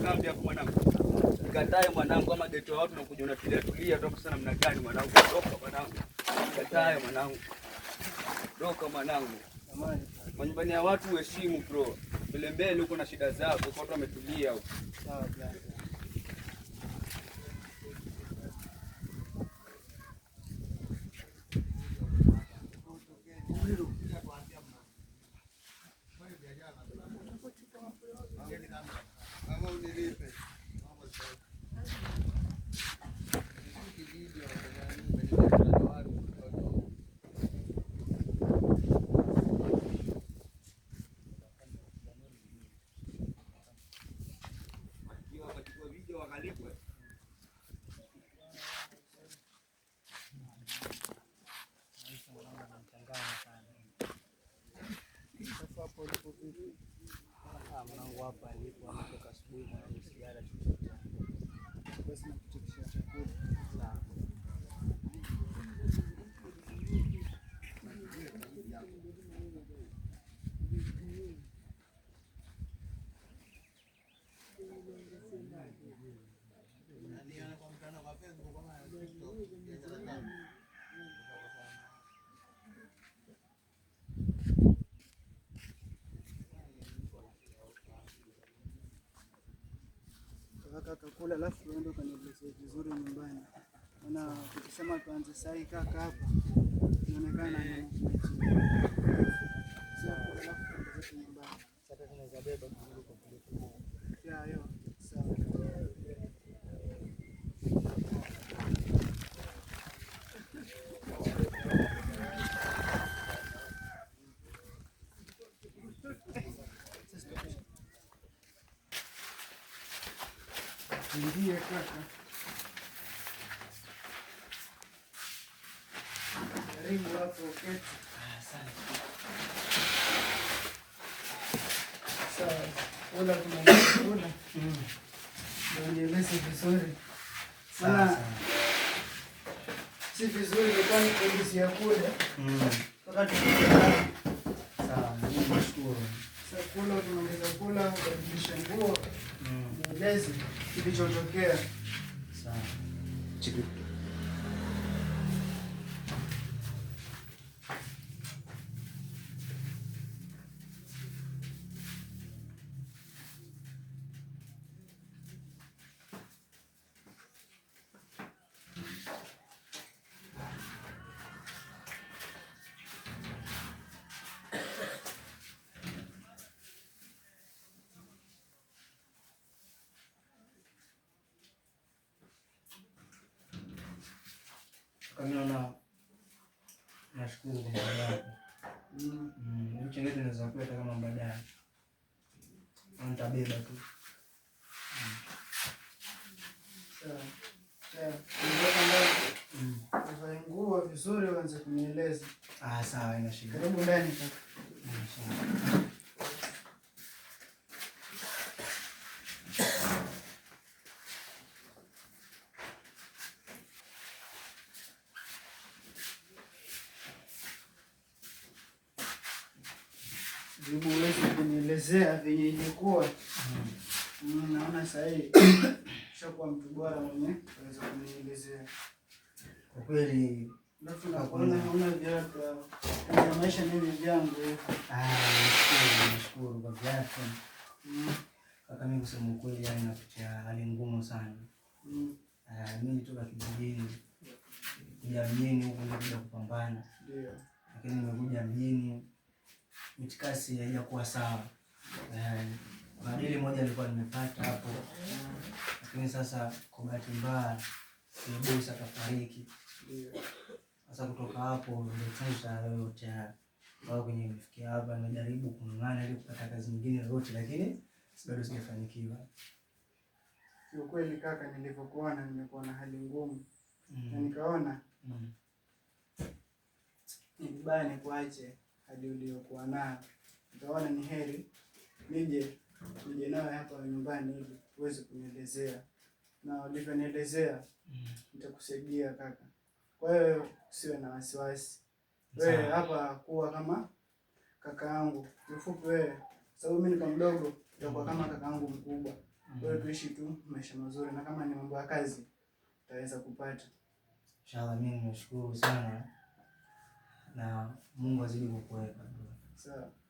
Utakaa mwanangu? Nikatae mwanangu, ama geto watu unakuja unatulia tulia, toka sana mna gani mwanangu? Toka mwanangu. Nikatae mwanangu. Toka mwanangu. manyumbani ya watu uheshimu bro. Mbele mbele uko na shida zako, kwa watu wametulia huko. Sawa. hapo ulipo mwanangu hapa alipo ametoka asubuhi na sigara tu. kula, alafu tuende ukanilezee vizuri nyumbani. Na tukisema tuanze saa hii kaka hapa inaonekana tunaweza beba Kimbia kaka, karibu hapo uketi. Sawa, kuna ujieleze vizuri sana, ah, si vizuri kwani kondisi ya kule mpaka mm chakula, ukimaliza kula ubadilishe nguo, mm. ni kilichotokea. Sawa. Kaniona nashukuru kwa muda wako. Mm, mchengete naweza kuwa hata kama baadaye. Nitabeba tu. Sasa, nguo vizuri uanze kunieleza. Ah, sawa, ina shida. Karibu ndani kaka. sababu huwezi kunielezea venye ilikuwa. Mm, naona sahii shakuwa mtu bora mwenye aweza kunielezea kwa kweli. Alafu nakuona naona viatu kwenye maisha nini vyangu ah, nashukuru kwa viatu mm. kaka. Mimi kusema ukweli, yani napitia hali ngumu sana. Mm. Ah, mimi nitoka kijijini kuja mjini huku ndio kupambana, lakini nimekuja mjini mitikasi haijakuwa sawa. Kuna eh, moja nilikuwa nimepata hapo, lakini sasa kwa bahati mbaya bosi akafariki. Sasa kutoka hapo ndotusa yoyote ao kwenye kufikia hapa, najaribu kung'ang'ana ili kupata kazi nyingine yoyote, lakini bado sijafanikiwa. Kiukweli kaka, nilivyokuona nimekuwa na hali ngumu mm. na nikaona mm. ni vibaya nikuache hadi uliyokuwa nayo. Utaona ni heri nije nije nayo hapa nyumbani ili uweze kunielezea, na ulivyonielezea mm. nitakusaidia kaka. Kwa hiyo usiwe na wasiwasi wewe, hapa kuwa kama kaka yangu kifupi wewe, sababu mimi ni mdogo, utakuwa kama kaka yangu mkubwa. Mm. Kwa hiyo tuishi tu maisha mazuri, na kama ni mambo ya kazi utaweza kupata inshallah. Mimi nashukuru sana na Mungu azidi kukuweka. Sawa.